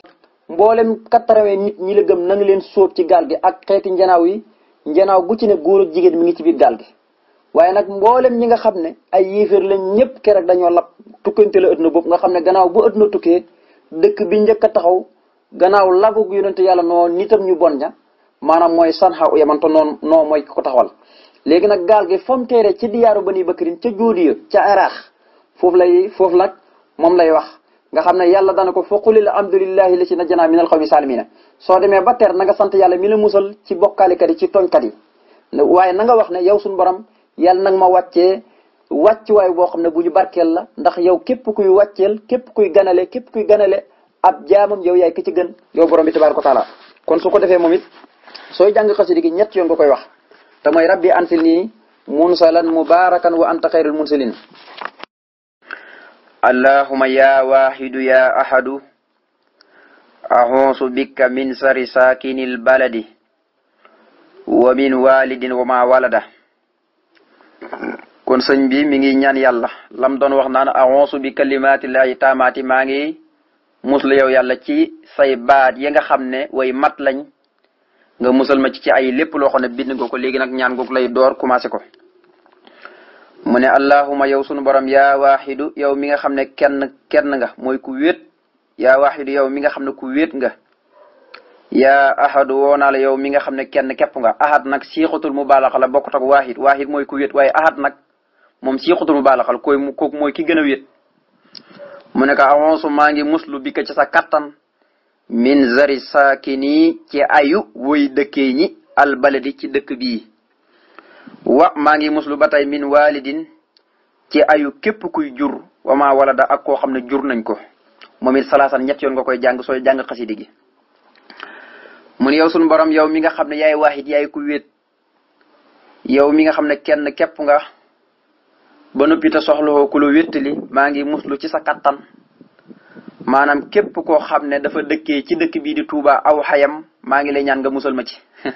mboolem quatre-vingts ñi la gëm na leen sóob ci gaal gi ak xeeti njanaaw yi njanaaw gu ci ne góor jigéen mi ngi ci biir gaal gi waaye nag mboolem ñi nga xam ne ay yéeféer lañ ñëpp keroog dañoo lab tukkante la adduna boobu nga xam ne gannaaw bu adduna tukkee dëkk bi njëkk a taxaw gannaaw lagug yonente yàlla noo nitam ñu bon ña maanaam mooy sanxaa u yamanta noon noo mooy ko taxawal léegi nag gaal gi fam teere ci diyaaru ba bakrin ca jóodiya ca araax foofu lay foofu nag moom lay wax nga xam ne yàlla dana ko fa qulil alhamdulillahi la ci na janaa minal xawmi saalimiina soo demee ba teer nga sant yàlla mi la musal ci bokkaalikat yi ci tooñkat waaye na wax ne yow suñu borom yàlla nag ma wàccee wàccuwaay boo xam ne bu ñu la ndax yow képp kuy wàcceel képp kuy ganale képp kuy ganale ab jaamam yow yaay ki ci gën yow borom bi tabaaraka wa taala kon su ko defee moom it sooy jàng xasida gi ñett koy wax te mooy rabbi ansilni munsalan mubarakan wa anta xayrul munsilin allahuma ya waxidu ya ahadu axuusu bika min sari saakini albaladi wa min walidin wa ma walada kon sëñ bi mi ngi ñaan yàlla lam doon wax naan a'uuzu bi kalimaatillaahi taamaati maa ngi muslu yow yàlla ci say baat yi nga xam ne way mat lañ nga musal ma ci ci ay lépp loo xam ne bind nga ko léegi nag ñaan googu lay door commencé ko mu ne allahuma yow sunu borom ya waaxidu yow mi nga xam ne kenn kenn nga mooy ku wéet yaa waaxidu yow mi nga xam ne ku wéet nga yaa ahadu woonaal yow mi nga xam ne kenn képp nga ahad nag mu mubaalaxa la bokkut ak waahid waahid mooy ku wét waaye ahad nag moom siixatul mu balaxal koy kooku mooy ki gën a wét mu ne ko awonsu maa ngi muslu bi ko ci sa kattan min zari saakini ci ayu woy dëkkee ñi albaladi ci dëkk bii wa maa ngi muslu ba tey min walidin ci ayu képp kuy jur wama wala da ak koo xam ne jur nañ ko moom it salaasan ñett yoon nga koy jàng sooy jàng xasidi gi mun yow sunu borom yow mi nga xam ne yaay waahid yaay ku mi nga xam ne kenn képp nga ba noppita te soxlawoo ku la wéttali maa ngi muslu ci sa kattan maanaam képp koo xam ne dafa dëkke ci dëkk bii di Touba aw xayam maa ngi lay ñaan nga musal ma ci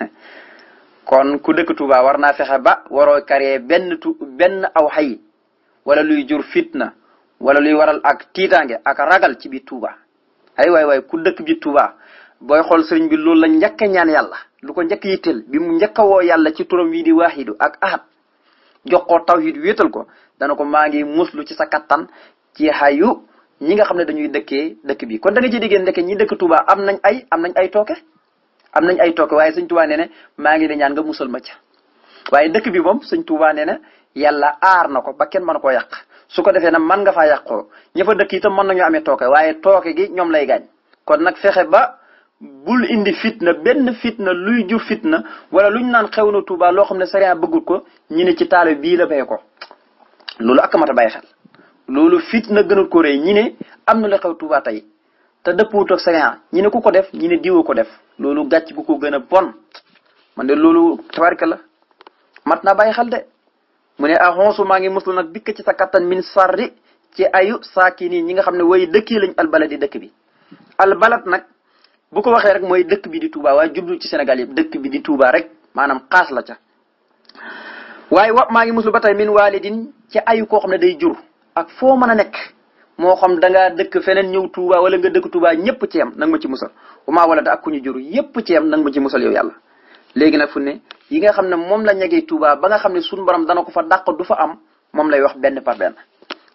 kon ku dëkk Touba war naa fexe ba waroo karee benn tu benn aw xay wala luy jur na wala luy waral ak tiitaange ak ragal ci biir tuuba ay waay waay ku dëkk biir Touba booy xool sëriñ bi loolu la njëkk ñaan yàlla lu ko njëkk yitteel bi mu njëkk woo yàlla ci turam wii di waaxidu ak ahad jox taw tawhid wéetal ko dana ko maa ngi muslu ci sa kattan ci xayu ñi nga xam ne dañuy dëkkee dëkk bi kon da nga ci déggee ndekke ñi dëkk Touba am nañ am nañ ay am nañ ay tooke waaye sëñ Touba nee na maa ngi la ñaan musal ma ca waaye dëkk bi moom sëñ Touba na yàlla aar na ko ba kenn mën koo yàq su ko defee nag mën nga faa yàqoo ña fa dëkk itam mën nañoo amee tooke waaye tooke gi ñoom lay gaañ nag fexe ba bul indi fitna benn fitna luy jur fitna wala luñ naan xew na Touba loo xam ne sariya bëggul ko ñu ne ci taale bii la bay ko loolu ak mat a bàyyi xel loolu fitna gënul ko rëy ñi ne am na la xew Touba tey te dëppuwut ak sariya ñi ku ko def ñi ne diwoo ko def loolu gàcc gu ko gën a bon man de loolu tabarka la mat naa bàyyi xel de mu ne ahonsu maa ngi muslu nag bikk ci sa kàttan min sarri ci ayu saaki nii ñi nga xam ne way dëkk yi lañ albaladi dëkk bi albalat bu ko waxee rek mooy dëkk bi di Touba waaye jublu ci Sénégal yëpp dëkk bi di Touba rek maanaam xaas la ca waaye wa maa ngi muslu ba tey min waalidin ci ayu koo xam ne day jur ak foo mën a nekk moo xam da ngaa dëkk feneen ñëw Touba wala nga dëkk Touba ñëpp ci yem nag ma ci musal umaa wala da ak ku ñu jur yëpp ci nag ma ci musal yow yàlla léegi nag fu ne yi nga xam ne moom la ñegee Touba ba nga xam ne suñu borom dana ko fa daq du fa am moom lay wax benn par benn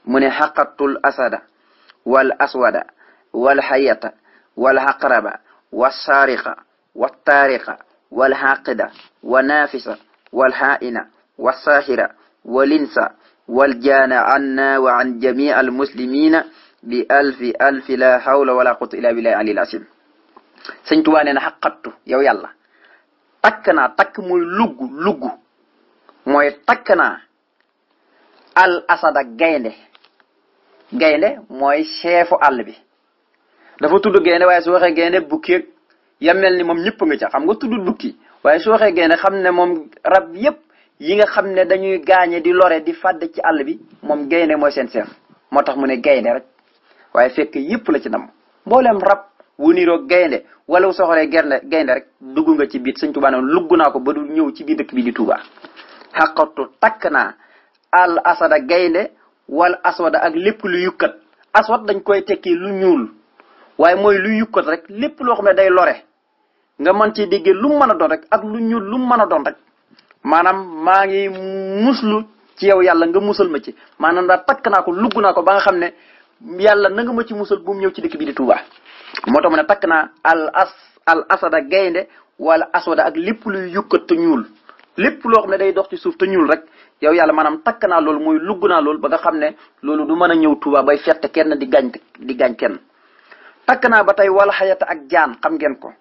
mu ne xaqatul asada wal aswada wal xayata wal xaqraba wa saariqa wa taariqa wal xaqida wa naafisa wal xaa'ina wa saahira wal insa wal jaana wa jamii al muslimina bi alfi la hawla wala quwwata illa billahi alil asim sëñ Tuubaa nee na xaqattu yow yàlla takk naa takk muy lugg lugg mooy takk gaynde gaynde mooy cheefu àll bi dafa tudd gaynde waaye soo waxee gaynde bukki ak yamel ni moom ñëpp nga ca xam nga tuddul bukki waaye su waxee gaynde xam ne moom rab yëpp yi nga xam ne dañuy gaañe di lore di fàdd ci àll bi moom gaynde mooy seen moo tax mu ne gaynde rek waaye fekk yëpp la ci nam mboolem rab wu niroog gaynde wala wu soxoree gaynde rek dugg nga ci biir sëñ Tuubaa noonu lugg naa ko ba du ñëw ci biir dëkk bi di takk naa al asada gaynde wala aswada ak lépp lu yukkat aswad dañ koy tekki lu ñuul waaye mooy lu yukkat rek lépp loo xam ne day lore nga mën cee déggee lu mën a doon rek ak lu ñuul lu mën a doon rek maanaam maa ngi muslu ci yow yàlla nga musal ma ci maanaam daal takk naa ko lugg naa ko ba nga xam ne yàlla na nga ma ci musal bu mu ñëw ci dëkk bi di Touba. moo tax mu ne takk naa al as gaynde wala aswada ak lépp luy yukkat te ñuul lépp loo xam ne day dox ci suuf te rek yow yàlla maanaam takk naa loolu mooy lugg naa loolu ba nga xam ne loolu du mën a ñëw tubaa bay fett kenn di gaañ di gaañ kenn. takk naa ba tey wala xayata ak jaan xam ngeen ko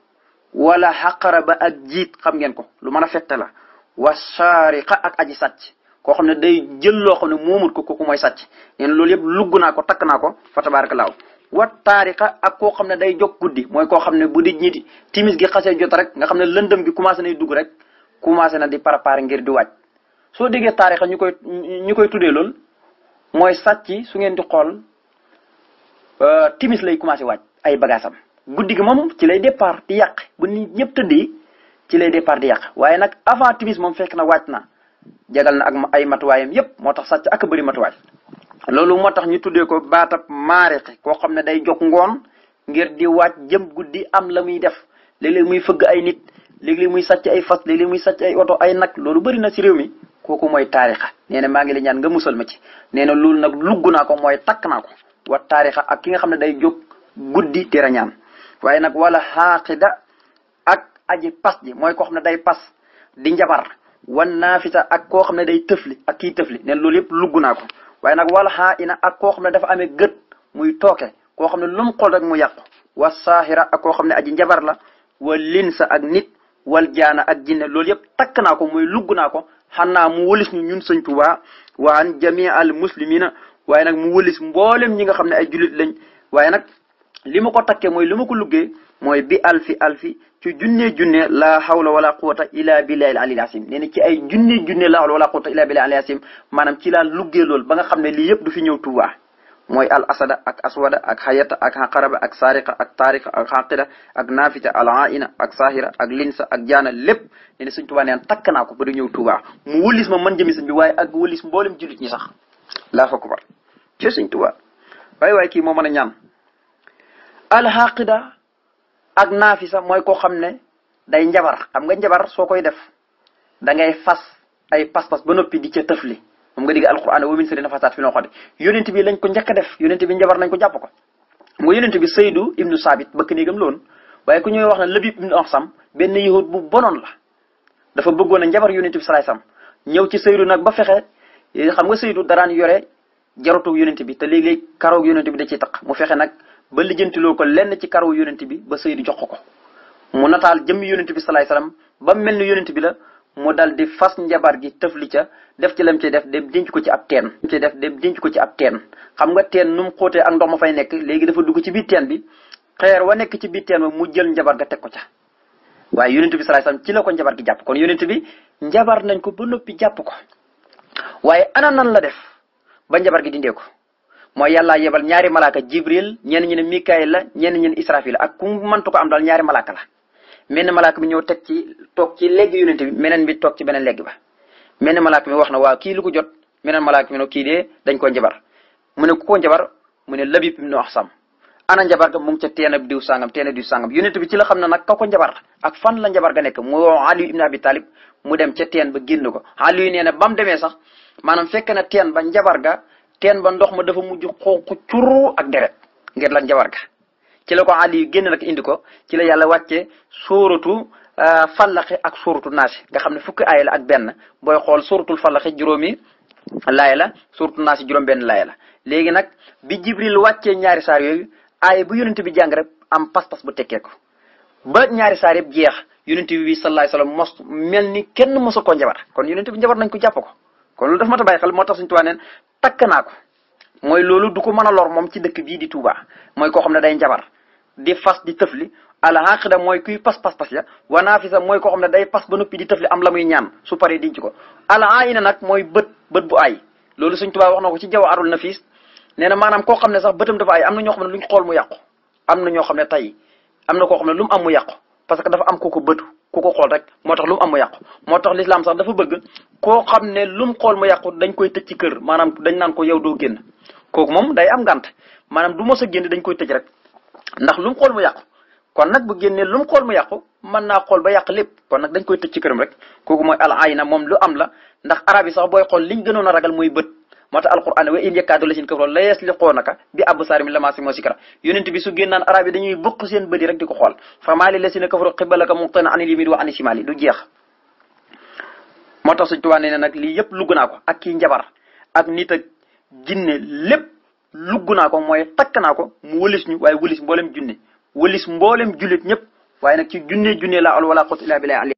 wala xaqara ba ak jiit xam ngeen ko lu mën a fette la wa saariqa ak aji sàcc koo xam ne day jël loo xam ne moomut ko kooku mooy sàcc neen loolu yëpp lugg naa ko takk naa ko fa tabaarakallaahu wa taariqa ak koo xam ne day jóg guddi mooy koo xam ne bu di ñiiti gi xasee jot rek nga xam ne lëndëm gi commencé nay dugg rek commencé na di préparer ngir di waaj soo déggee taariqa ñu koy ñu koy tuddee loolu mooy sàcc su ngeen di xool euh, timis lay commencé waaj ay bagaasam guddi gi moom ci lay départ di yàq bu nit ñëpp tëddee ci lay départ di yàq waaye nag avant timis moom fekk na wàcc na jagal na ak ay matuwaayam yëpp moo tax sàcc ak bëri matuwaay loolu moo tax ñu tuddee ko baatab maariqi koo xam ne day jog ngoon ngir di wàcc jëm guddi am la muy def léeg-léeg muy fëgg ay nit léegi léeg muy sacc ay fas léeg-léeg muy sàcc ay oto ay nag loolu bari na si réew mi kooku mooy taarixa nee na maa ngi la ñaan nga musal ma ci nee na loolu naa ko mooy takk naa guddi tera ñaan waaye nag wala xaaqida ak aji pas ji mooy koo xam ne day pas di njabar wan naafisa ak koo xam ne day tëfli ak kii tëfli nen loolu yëpp lugg naa ko waaye nag wala xaa ina ak koo xam ne dafa amee gët muy tooke koo xam ne lu mu xool mu yàqu wa saaxira ak koo xam ne aji njabar la wa linsa ak nit wal jaana ak jinne loolu yëpp takk naa ko muy lugg naa ko xanaa mu wëlis ñu ñun sëñ Tuubaa waan jamii al muslimina waaye nag mu wëlis mboolem ñi nga xam ne ay jullit lañ waaye nag li ma ko takkee mooy li ma ko luggee mooy bi alfi alfi ci junne junne laa hawla wala quwata ila billahi alil asim nee na ay junne junne laa hawla wala quwata illa billahi alil asim maanaam ci laa luggee loolu ba nga xam ne lii yëpp du fi ñëw Tuubaa mooy al asada ak aswada ak xayata ak xaqaraba ak saariqa ak taariqa ak xaqida ak naafita al aina ak saahira ak linsa ak jaana lépp nee na sëñ Tuubaa neen takk naa ko ba du ñëw Tuubaa mu wullis ma man jëmi sëñ bi waaye ak wëlis mboolem jullit ñi sax laa fa ko bar ci sëñ kii moo mën a ñaan alxaqida ak naafisa mooy koo xam ne day njabar xam nga njabar soo koy def da ngay fas ay pas-pas ba noppi di ca tëfli moom nga digg alquran wa min sharri nafasaat fi noqoon yonent bi lañ ko njëkk a def yonent bi njabar nañ ko jàpp ko mu yonent bi Saydu ibnu Saabit bëkk néegam loon waaye ko ñuy wax ne Labib ibnu Axsam benn yahud bu bonoon la dafa bëggoon a njabar yonent bi salaay sam ñëw ci Saydu nag ba fexe xam nga Saydu daraan yore jarotu yonent bi te léeg-léeg karoog yonent bi da ciy taq mu fexe nag ba lijjantiloo ko lenn ci karaw yonent bi ba sëy di jox ko mu nataal jëmm yonent bi salaay salaam ba mel ni yonent bi la mu dal di fas njabar gi tëfli ca def ci lam ci def dem denc ko ci ab teen ci def dem denc ko ci ab teen xam nga teen nu mu xóotee ak ndox ma fay nekk léegi dafa dugg ci biir teen bi xeer wa nekk ci biir teen ba mu jël njabar ga teg ko ca waaye yonent bi salaay salaam ci la ko njabar gi jàpp kon yonent bi njabar nañ ko ba noppi jàpp ko waaye ana nan la def ba njabar gi dindee ko mooy yàllaa yebal ñaari malaaka jibril ñenn ñu ne mikaayil la ñenn ñu ne israfil ak ku mëntu ko am daal ñaari malaaka la menn malaaka bi ñëw teg ci toog ci legg yonent bi meneen bi toog ci beneen legg ba menn malaaka mi wax na waaw kii lu ko jot meneen malaaka bi ne kii de dañ koo njabar mu ne ku ko jabar mu ne labib ibnu ahsam ana njabar ga mu ngi ca teena diw sàngam teena diw sàngam yonent bi ci la xam na nag ka ko njabar ak fan la njabar ga nekk mu woo ali ibnu abi talib mu dem ca teen ba génn ko ali nee sax maanaam fekk ba njabar ga teen ba ndox ma dafa mujj xonq cur ak deret ngir lan jawar ga la ko ali génn nag indi ko ci la yàlla wàcce sóoratu euh, fallaxi ak sóoratu naasi nga xam ne fukki aay la ak benn booy xool sóoratul fallaxi juróomi laay la sóoratu naasi juróom benn laay la léegi nag bi jibril wàccee ñaari saar yooyu aay bu yonente bi jàng rek am pas-pas bu tekkee ko ba ñaari saar yëpp jeex yonente bi sallallahu alayhi wa sallam mos mel ni kenn mosu ko njabar kon yonente bi njabar nañ ko jàpp ko takk naa ko mooy loolu du ko mën a lor moom ci dëkk bii di Touba mooy koo xam ne day njabar di fas di tëfli alxaqida mooy kuy pas pas pas ya wanaafisa mooy koo xam ne day pas ba noppi di tëfli am la muy ñaan su paree dinc ko alaayina nag mooy bët bët bu ay loolu Sëñ Tuubaa wax na ko ci Jawharul Nafiis nee na maanaam koo xam ne sax bëtam dafa ay am na ñoo xam ne luñ xool mu yàqu am xam ne tey am na koo xam ne lu mu am mu yàqu parce que dafa am kooku bëtu ku ko xool rek moo tax lu am mu yàqu moo tax lislaam sax dafa bëgg koo xam ne lu xool mu yàqu dañ koy tëj ci kër maanaam dañ naan ko yow doo génn kooku moom day am ngànt maanaam du mos a génn dañ koy tëj rek ndax lum xool mu yàqu kon nag bu génnee lu mu xool mu yàqu mën naa xool ba yàq lépp kon nag dañ koy tëj ci këram rek kooku mooy al na moom lu am la ndax arab yi sax booy xool liñ gënoon a ragal mooy bët moo tax alquran wa in yakkaatu la sin kafaroo la yasliqoonaka bi absaarim lama si moo sikra yonent bi su génnaan arab dañuy bokk seen bëdi di ko xool famaali la sina kafaroo xibalaka muqtana anil yamini wa anil shimali du jeex moo tax suñ ti nee ne nag lii yëpp lugg naa ko ak kii njabar ak nit ak jinne lépp lugg naa ko mooy takk naa ko mu wëlis ñu waaye wëlis mboolem junne wëlis mboolem jullit ñëpp waaye nag ci junne junne laa ol wala xot